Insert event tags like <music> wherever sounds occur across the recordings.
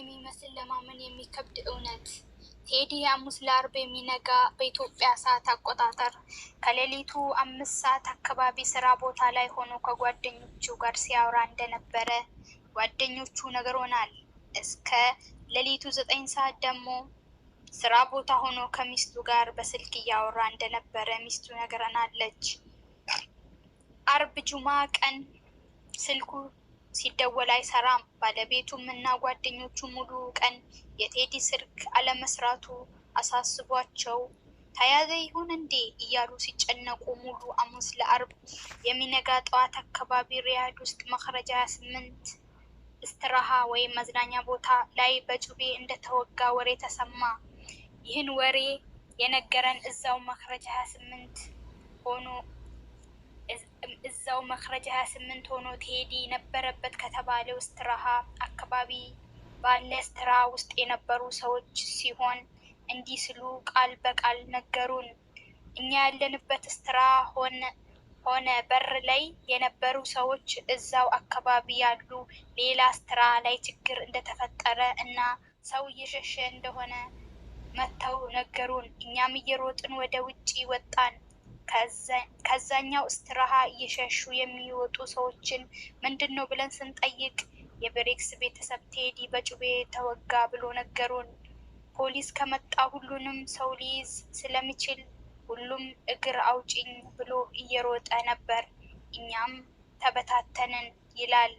የሚመስል ለማመን የሚከብድ እውነት ቴዲ ሐሙስ ለአርብ የሚነጋ በኢትዮጵያ ሰዓት አቆጣጠር ከሌሊቱ አምስት ሰዓት አካባቢ ስራ ቦታ ላይ ሆኖ ከጓደኞቹ ጋር ሲያወራ እንደነበረ ጓደኞቹ ነግሮናል። እስከ ሌሊቱ ዘጠኝ ሰዓት ደግሞ ስራ ቦታ ሆኖ ከሚስቱ ጋር በስልክ እያወራ እንደነበረ ሚስቱ ነግረናለች። አርብ ጁማ ቀን ስልኩ ሲደወል አይሰራም። ባለቤቱም እና ጓደኞቹ ሙሉ ቀን የቴዲ ስልክ አለመስራቱ አሳስቧቸው ተያዘ ይሁን እንዴ እያሉ ሲጨነቁ ሙሉ አሙስ ለአርብ የሚነጋ ጠዋት አካባቢ ሪያድ ውስጥ መክረጃ ስምንት እስትራሃ ወይም መዝናኛ ቦታ ላይ በጩቤ እንደተወጋ ወሬ ተሰማ። ይህን ወሬ የነገረን እዛው መክረጃ 28 ሆኖ እዛው መክረጃ ሀያ ስምንት ሆኖ ቴዲ ነበረበት ከተባለው ስትራሃ አካባቢ ባለ ስራ ውስጥ የነበሩ ሰዎች ሲሆን እንዲህ ስሉ ቃል በቃል ነገሩን። እኛ ያለንበት ስትራ ሆነ በር ላይ የነበሩ ሰዎች እዛው አካባቢ ያሉ ሌላ ስትራ ላይ ችግር እንደተፈጠረ እና ሰው እየሸሸ እንደሆነ መጥተው ነገሩን። እኛም እየሮጥን ወደ ውጪ ወጣን። ከዛኛው እስትራሃ እየሸሹ የሚወጡ ሰዎችን ምንድን ነው ብለን ስንጠይቅ የብሬክስ ቤተሰብ ቴዲ በጩቤ ተወጋ ብሎ ነገሩን። ፖሊስ ከመጣ ሁሉንም ሰው ሊይዝ ስለሚችል ሁሉም እግር አውጪኝ ብሎ እየሮጠ ነበር። እኛም ተበታተንን ይላል።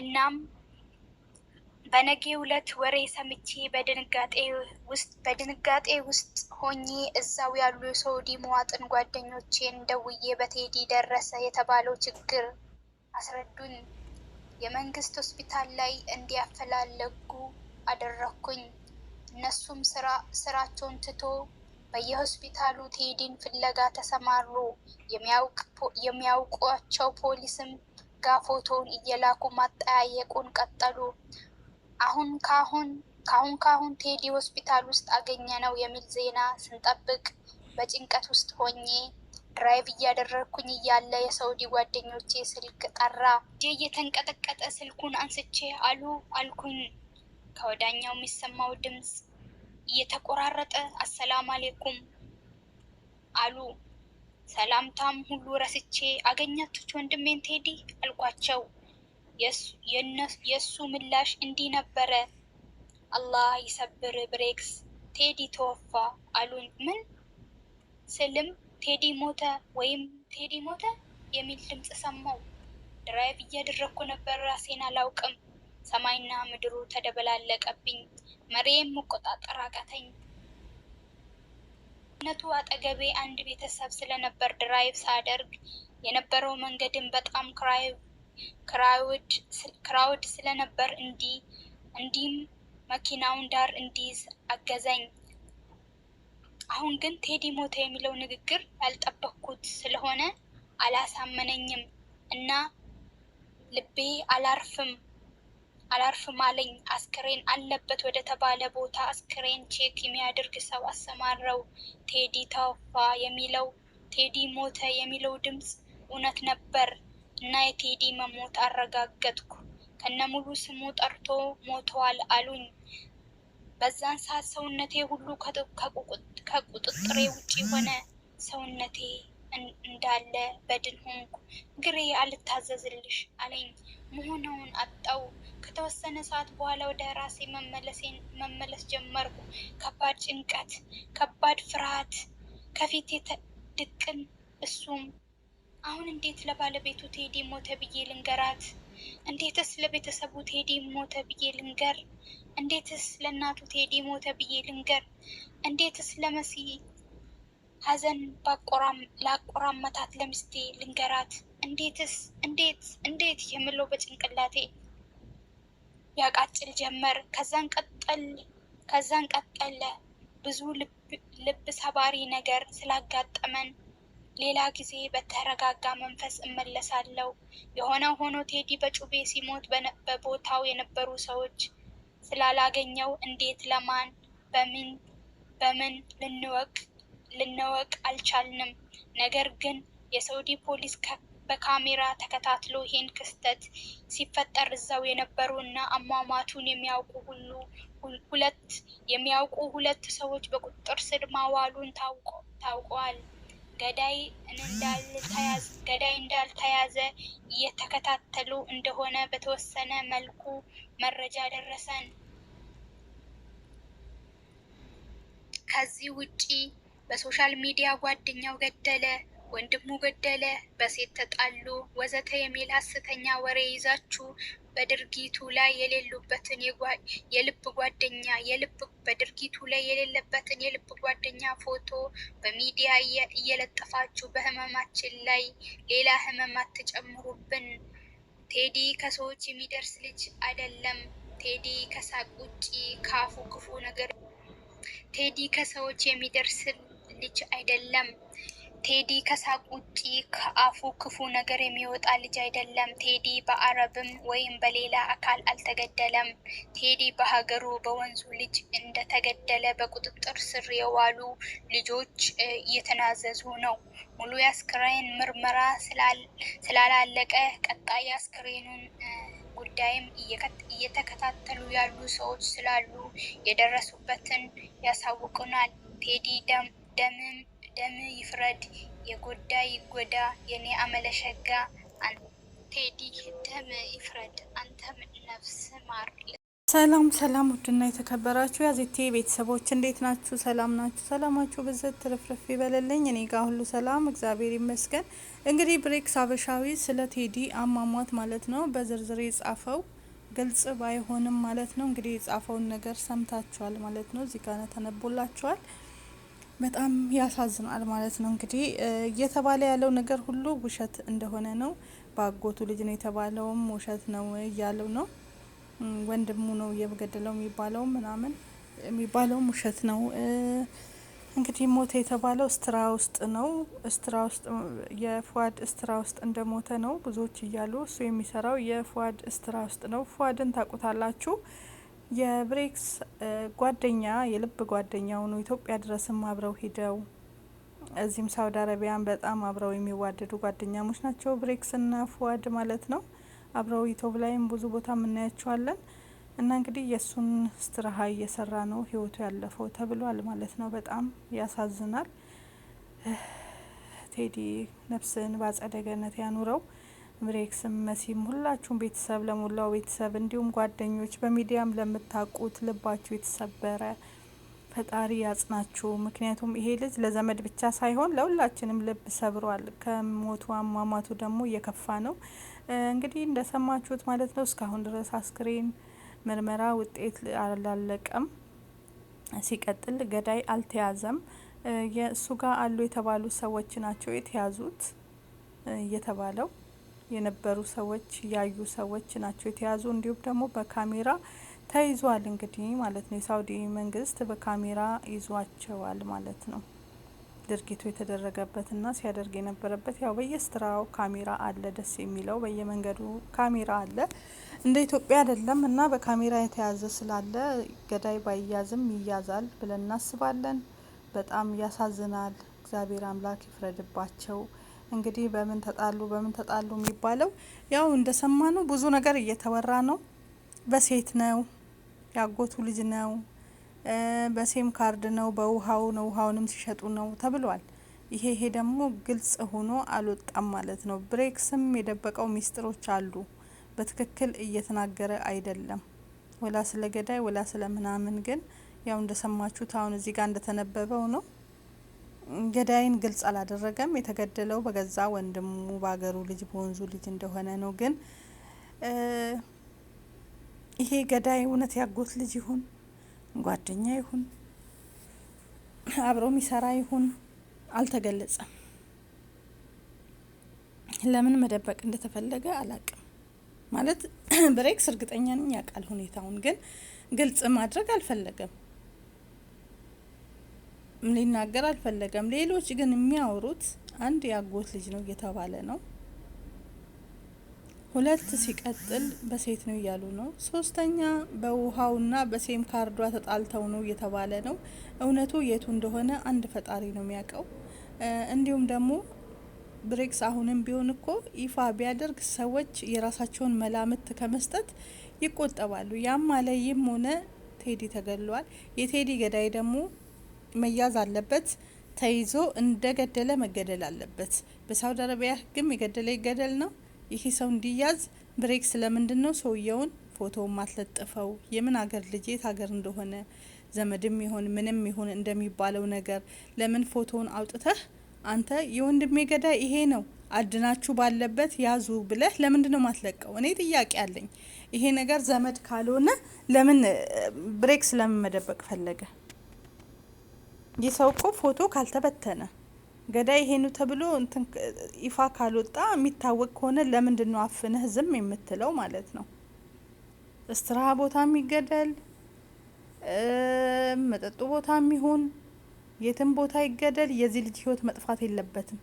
እናም በነጌ ሁለት ወሬ ሰምቼ በድንጋጤ ውስጥ በድንጋጤ ውስጥ ሆኜ እዛው ያሉ የሳውዲ መዋጥን ጓደኞቼን ደውዬ በቴዲ ደረሰ የተባለው ችግር አስረዱኝ። የመንግስት ሆስፒታል ላይ እንዲያፈላለጉ አደረኩኝ። እነሱም ስራቸውን ትቶ በየሆስፒታሉ ቴዲን ፍለጋ ተሰማሩ። የሚያውቋቸው ፖሊስም ጋ ፎቶውን እየላኩ ማጠያየቁን ቀጠሉ። አሁን ካሁን ካሁን ካሁን ቴዲ ሆስፒታል ውስጥ አገኘ ነው የሚል ዜና ስንጠብቅ በጭንቀት ውስጥ ሆኜ ድራይቭ እያደረግኩኝ እያለ የሰውዲ ጓደኞቼ ስልክ ጠራ። እየተንቀጠቀጠ ስልኩን አንስቼ አሉ አልኩኝ። ከወዳኛው የሚሰማው ድምፅ እየተቆራረጠ አሰላም አሌኩም አሉ። ሰላምታም ሁሉ ረስቼ አገኛችሁት ወንድሜን ቴዲ አልኳቸው። የእሱ ምላሽ እንዲህ ነበረ። አላህ ይሰብር ብሬክስ፣ ቴዲ ተወፋ አሉኝ። ምን ስልም ቴዲ ሞተ ወይም ቴዲ ሞተ የሚል ድምፅ ሰማው። ድራይቭ እያደረግኩ ነበር፣ ራሴን አላውቅም። ሰማይና ምድሩ ተደበላለቀብኝ፣ መሬም መቆጣጠር አቃተኝ። ነቱ አጠገቤ አንድ ቤተሰብ ስለነበር ድራይቭ ሳደርግ የነበረው መንገድን በጣም ክራይቭ ክራውድ ስለነበር እንዲም መኪናውን ዳር እንዲይዝ አገዘኝ። አሁን ግን ቴዲ ሞተ የሚለው ንግግር ያልጠበቅኩት ስለሆነ አላሳመነኝም እና ልቤ አላርፍም አላርፍም አለኝ። አስክሬን አለበት ወደ ተባለ ቦታ አስክሬን ቼክ የሚያደርግ ሰው አሰማረው ቴዲ ተወፋ የሚለው ቴዲ ሞተ የሚለው ድምፅ እውነት ነበር። እና የቴዲ መሞት አረጋገጥኩ። ከነ ሙሉ ስሙ ጠርቶ ሞተዋል አሉኝ። በዛን ሰዓት ሰውነቴ ሁሉ ከቁጥጥሬ ውጪ ሆነ። ሰውነቴ እንዳለ በድን ሆንኩ። ግሬ አልታዘዝልሽ አለኝ። መሆነውን አጣው። ከተወሰነ ሰዓት በኋላ ወደ ራሴ መመለስ ጀመርኩ። ከባድ ጭንቀት፣ ከባድ ፍርሃት ከፊቴ ድቅን እሱም አሁን እንዴት ለባለቤቱ ቴዲ ሞተ ብዬ ልንገራት? እንዴትስ ለቤተሰቡ ቴዲ ሞተ ብዬ ልንገር? እንዴትስ ለእናቱ ቴዲ ሞተ ብዬ ልንገር? እንዴትስ ለመሲ ሀዘን ላቆራመታት ለሚስቴ ልንገራት? እንዴትስ እንዴት እንዴት የምለው በጭንቅላቴ ያቃጭል ጀመር። ከዛን ቀጠል ከዛን ቀጠለ ብዙ ልብ ሰባሪ ነገር ስላጋጠመን ሌላ ጊዜ በተረጋጋ መንፈስ እመለሳለሁ። የሆነ ሆኖ ቴዲ በጩቤ ሲሞት በቦታው የነበሩ ሰዎች ስላላገኘው እንዴት፣ ለማን፣ በምን በምን ልንወቅ ልንወቅ አልቻልንም። ነገር ግን የሳውዲ ፖሊስ በካሜራ ተከታትሎ ይህን ክስተት ሲፈጠር እዛው የነበሩ እና አሟሟቱን የሚያውቁ ሁሉ ሁለት የሚያውቁ ሁለት ሰዎች በቁጥጥር ስር ማዋሉን ታውቋል። ገዳይ እንዳልተያዘ እየተከታተሉ እንደሆነ በተወሰነ መልኩ መረጃ ደረሰን። ከዚህ ውጪ በሶሻል ሚዲያ ጓደኛው ገደለ ወንድሙ ገደለ፣ በሴት ተጣሉ፣ ወዘተ የሚል ሐሰተኛ ወሬ ይዛችሁ በድርጊቱ ላይ የሌሉበትን የልብ ጓደኛ የልብ በድርጊቱ ላይ የሌለበትን የልብ ጓደኛ ፎቶ በሚዲያ እየለጠፋችሁ በህመማችን ላይ ሌላ ህመም አትጨምሩብን። ቴዲ ከሰዎች የሚደርስ ልጅ አይደለም። ቴዲ ከሳቅ ውጪ ካፉ ክፉ ነገር ቴዲ ከሰዎች የሚደርስ ልጅ አይደለም። ቴዲ ከሳቅ ውጪ ከአፉ ክፉ ነገር የሚወጣ ልጅ አይደለም። ቴዲ በአረብም ወይም በሌላ አካል አልተገደለም። ቴዲ በሀገሩ በወንዙ ልጅ እንደተገደለ በቁጥጥር ስር የዋሉ ልጆች እየተናዘዙ ነው። ሙሉ የአስክሬን ምርመራ ስላላለቀ ቀጣይ የአስክሬኑን ጉዳይም እየተከታተሉ ያሉ ሰዎች ስላሉ የደረሱበትን ያሳውቁናል። ቴዲ ደምም ደም ይፍረድ፣ የጎዳ ይጎዳ፣ የኔ አመለሸጋ ቴዲ ደም ይፍረድ፣ አንተም ነፍስ ማር። ሰላም ሰላም፣ ውድና የተከበራችሁ ያዜቴ ቤተሰቦች እንዴት ናችሁ? ሰላም ናችሁ? ሰላማችሁ ብዘት ትርፍርፍ ይበለልኝ። እኔ ጋር ሁሉ ሰላም እግዚአብሔር ይመስገን። እንግዲህ ብሬክስ ሀበሻዊ ስለ ቴዲ አሟሟት ማለት ነው በዝርዝር የጻፈው ግልጽ ባይሆንም ማለት ነው እንግዲህ የጻፈውን ነገር ሰምታችኋል ማለት ነው። እዚህ ጋር ተነቦላችኋል። በጣም ያሳዝናል ማለት ነው። እንግዲህ እየተባለ ያለው ነገር ሁሉ ውሸት እንደሆነ ነው። በአጎቱ ልጅ ነው የተባለውም ውሸት ነው እያለው ነው። ወንድሙ ነው እየገደለው የሚባለው ምናምን የሚባለውም ውሸት ነው። እንግዲህ ሞተ የተባለው ስትራ ውስጥ ነው። እስትራ ውስጥ የፉአድ ስትራ ውስጥ እንደሞተ ነው ብዙዎች እያሉ እሱ የሚሰራው የፉአድ እስትራ ውስጥ ነው። ፉአድን ታውቁታላችሁ። የብሬክስ ጓደኛ የልብ ጓደኛ ሆኑ ኢትዮጵያ ድረስም አብረው ሂደው እዚህም ሳውዲ አረቢያን በጣም አብረው የሚዋደዱ ጓደኛሞች ናቸው። እና ፉአድ ማለት ነው። አብረው ዩቱብ ላይም ብዙ ቦታ የምናያቸዋለን። እና እንግዲህ የእሱን ስትራሃ እየሰራ ነው ህይወቱ ያለፈው ተብሏል ማለት ነው። በጣም ያሳዝናል። ቴዲ ነፍስን በአጸደ ገነት ያኑረው። ብሬክስም መሲም ሁላችሁም ቤተሰብ ለሞላው ቤተሰብ እንዲሁም ጓደኞች በሚዲያም ለምታውቁት ልባችሁ የተሰበረ ፈጣሪ ያጽናችሁ። ምክንያቱም ይሄ ልጅ ለዘመድ ብቻ ሳይሆን ለሁላችንም ልብ ሰብሯል። ከሞቱ አሟሟቱ ደግሞ እየከፋ ነው። እንግዲህ እንደሰማችሁት ማለት ነው። እስካሁን ድረስ አስክሬን ምርመራ ውጤት አላለቀም። ሲቀጥል ገዳይ አልተያዘም። የእሱ ጋር አሉ የተባሉ ሰዎች ናቸው የተያዙት እየተባለው የነበሩ ሰዎች ያዩ ሰዎች ናቸው የተያዙ። እንዲሁም ደግሞ በካሜራ ተይዟል እንግዲህ ማለት ነው። የሳውዲ መንግስት በካሜራ ይዟቸዋል ማለት ነው። ድርጊቱ የተደረገበትና ሲያደርግ የነበረበት ያው በየስራው ካሜራ አለ። ደስ የሚለው በየመንገዱ ካሜራ አለ። እንደ ኢትዮጵያ አይደለም እና በካሜራ የተያዘ ስላለ ገዳይ ባያዝም ይያዛል ብለን እናስባለን። በጣም ያሳዝናል። እግዚአብሔር አምላክ ይፍረድባቸው። እንግዲህ በምን ተጣሉ በምን ተጣሉ የሚባለው ያው እንደሰማነው ብዙ ነገር እየተወራ ነው። በሴት ነው፣ ያጎቱ ልጅ ነው፣ በሴም ካርድ ነው፣ በውሃው ነው፣ ውሃውንም ሲሸጡ ነው ተብሏል። ይሄ ይሄ ደግሞ ግልጽ ሆኖ አልወጣም ማለት ነው። ብሬክስም የደበቀው ሚስጥሮች አሉ። በትክክል እየተናገረ አይደለም። ወላ ስለ ገዳይ ወላ ስለ ምናምን ግን ያው እንደሰማችሁት አሁን እዚህ ጋር እንደተነበበው ነው ገዳይን ግልጽ አላደረገም። የተገደለው በገዛ ወንድሙ በአገሩ ልጅ በወንዙ ልጅ እንደሆነ ነው። ግን ይሄ ገዳይ እውነት ያጎት ልጅ ይሁን ጓደኛ ይሁን አብሮ የሚሰራ ይሁን አልተገለጸም። ለምን መደበቅ እንደተፈለገ አላቅም። ማለት <clears throat> ብሬክስ እርግጠኛ ነኝ ያውቃል ሁኔታውን፣ ግን ግልጽ ማድረግ አልፈለገም። ሊናገር አልፈለገም። ሌሎች ግን የሚያወሩት አንድ የአጎት ልጅ ነው እየተባለ ነው። ሁለት ሲቀጥል በሴት ነው እያሉ ነው። ሶስተኛ በውሃውና በሴም ካርዷ ተጣልተው ነው እየተባለ ነው። እውነቱ የቱ እንደሆነ አንድ ፈጣሪ ነው የሚያውቀው። እንዲሁም ደግሞ ብሬክስ አሁንም ቢሆን እኮ ይፋ ቢያደርግ ሰዎች የራሳቸውን መላምት ከመስጠት ይቆጠባሉ። ያም አለይም ሆነ ቴዲ ተገሏል። የቴዲ ገዳይ ደግሞ መያዝ አለበት። ተይዞ እንደገደለ መገደል አለበት። በሳውዲ አረቢያ ሕግም የገደለ ይገደል ነው። ይህ ሰው እንዲያዝ ብሬክ ስለምንድን ነው ሰውየውን ፎቶ ማትለጥፈው? የምን አገር ልጅ የት ሀገር እንደሆነ ዘመድም ይሆን ምንም ይሆን እንደሚባለው ነገር ለምን ፎቶውን አውጥተህ አንተ የወንድሜ ገዳይ ይሄ ነው አድናችሁ ባለበት ያዙ ብለህ ለምንድን ነው ማትለቀው? እኔ ጥያቄ አለኝ። ይሄ ነገር ዘመድ ካልሆነ ለምን ብሬክ ስለምን መደበቅ ፈለገ? ይህ ሰው እኮ ፎቶ ካልተበተነ ገዳይ ይሄኑ ተብሎ ይፋ ካልወጣ የሚታወቅ ከሆነ ለምንድን ነው አፍንህ ዝም የምትለው ማለት ነው? እስትራሃ ቦታ የሚገደል መጠጡ ቦታ የሚሆን የትም ቦታ ይገደል፣ የዚህ ልጅ ህይወት መጥፋት የለበትም።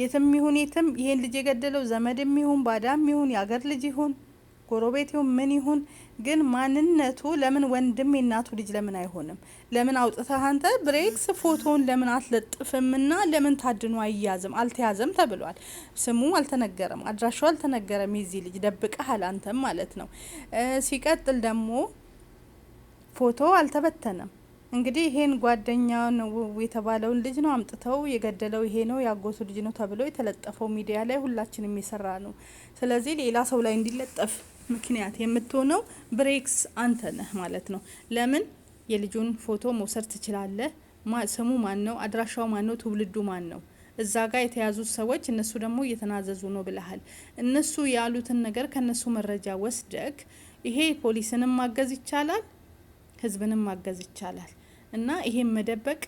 የትም ይሁን የትም ይሄን ልጅ የገደለው ዘመድ የሚሆን ባዳ የሚሆን የአገር ልጅ ይሁን ጎረቤቴው ምን ይሁን ግን ማንነቱ ለምን ወንድም የእናቱ ልጅ ለምን አይሆንም? ለምን አውጥተህ አንተ ብሬክስ ፎቶውን ለምን ና ለምን ታድኖ አይያዝም? አልተያዘም ተብሏል። ስሙ አልተነገረም፣ አድራሻው አልተነገረም። የዚህ ልጅ ደብቀሃል አንተም ማለት ነው። ሲቀጥል ደግሞ ፎቶ አልተበተነም። እንግዲህ ይሄን ጓደኛ ነው የተባለውን ልጅ ነው አምጥተው የገደለው ይሄ ነው ያጎቱ ልጅ ነው ተብሎ የተለጠፈው ሚዲያ ላይ ሁላችንም የሰራ ነው። ስለዚህ ሌላ ሰው ላይ እንዲለጠፍ ምክንያት የምትሆነው ብሬክስ አንተ ነህ ማለት ነው። ለምን የልጁን ፎቶ መውሰድ ትችላለህ። ስሙ ማን ነው? አድራሻው ማን ነው? ትውልዱ ማን ነው? እዛ ጋር የተያዙት ሰዎች እነሱ ደግሞ እየተናዘዙ ነው ብለሃል። እነሱ ያሉትን ነገር ከነሱ መረጃ ወስደክ ይሄ ፖሊስንም ማገዝ ይቻላል፣ ህዝብንም ማገዝ ይቻላል። እና ይሄን መደበቅ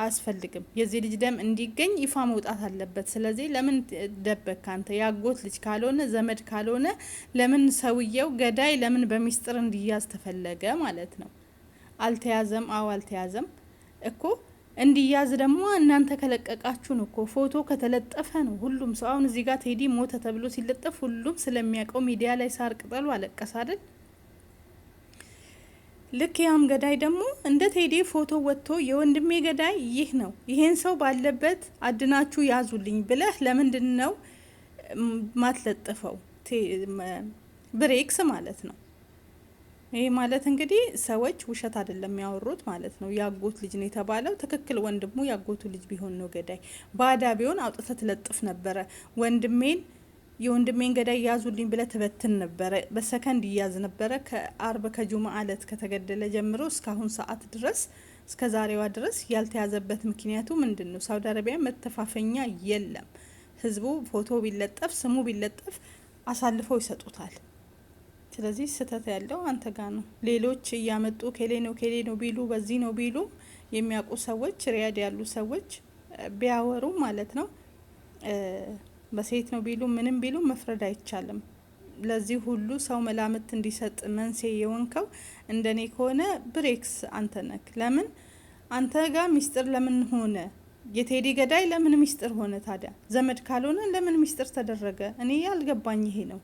አያስፈልግም። የዚህ ልጅ ደም እንዲገኝ ይፋ መውጣት አለበት። ስለዚህ ለምን ደበካንተ አንተ ያጎት ልጅ ካልሆነ ዘመድ ካልሆነ ለምን ሰውየው ገዳይ ለምን በሚስጥር እንዲያዝ ተፈለገ ማለት ነው? አልተያዘም። አዎ አልተያዘም እኮ እንዲያዝ ደግሞ እናንተ ከለቀቃችሁ ነው እኮ ፎቶ ከተለጠፈ ነው። ሁሉም ሰው አሁን እዚህ ጋር ቴዲ ሞተ ተብሎ ሲለጠፍ ሁሉም ስለሚያውቀው ሚዲያ ላይ ሳር ቅጠሉ አለቀሰ አይደል? ልክ ያም ገዳይ ደግሞ እንደ ቴዴ ፎቶ ወጥቶ የወንድሜ ገዳይ ይህ ነው፣ ይሄን ሰው ባለበት አድናችሁ ያዙልኝ ብለህ ለምንድን ነው ማትለጥፈው? ብሬክስ ማለት ነው። ይህ ማለት እንግዲህ ሰዎች ውሸት አይደለም የሚያወሩት ማለት ነው። ያጎት ልጅ ነው የተባለው ትክክል። ወንድሙ ያጎቱ ልጅ ቢሆን ነው ገዳይ። ባዳ ቢሆን አውጥተህ ትለጥፍ ነበረ ወንድሜን የወንድሜን ገዳይ ያዙልኝ ብለ ትበትን ነበረ። በሰከንድ ይያዝ ነበረ። ከአርብ ከጁማ ዕለት ከተገደለ ጀምሮ እስካሁን ሰዓት ድረስ እስከ ዛሬዋ ድረስ ያልተያዘበት ምክንያቱ ምንድን ነው? ሳውዲ አረቢያ መተፋፈኛ የለም። ህዝቡ ፎቶ ቢለጠፍ ስሙ ቢለጠፍ አሳልፈው ይሰጡታል። ስለዚህ ስህተት ያለው አንተ ጋ ነው። ሌሎች እያመጡ ኬሌ ነው ኬሌ ነው ቢሉ በዚህ ነው ቢሉ የሚያውቁ ሰዎች ሪያድ ያሉ ሰዎች ቢያወሩ ማለት ነው በሴት ነው ቢሉ ምንም ቢሉ መፍረድ አይቻልም። ለዚህ ሁሉ ሰው መላምት እንዲሰጥ መንስኤ የሆንከው እንደኔ ከሆነ ብሬክስ አንተ ነክ። ለምን አንተ ጋር ሚስጥር ለምን ሆነ? የቴዲ ገዳይ ለምን ሚስጥር ሆነ? ታዲያ ዘመድ ካልሆነ ለምን ሚስጥር ተደረገ? እኔ ያልገባኝ ይሄ ነው።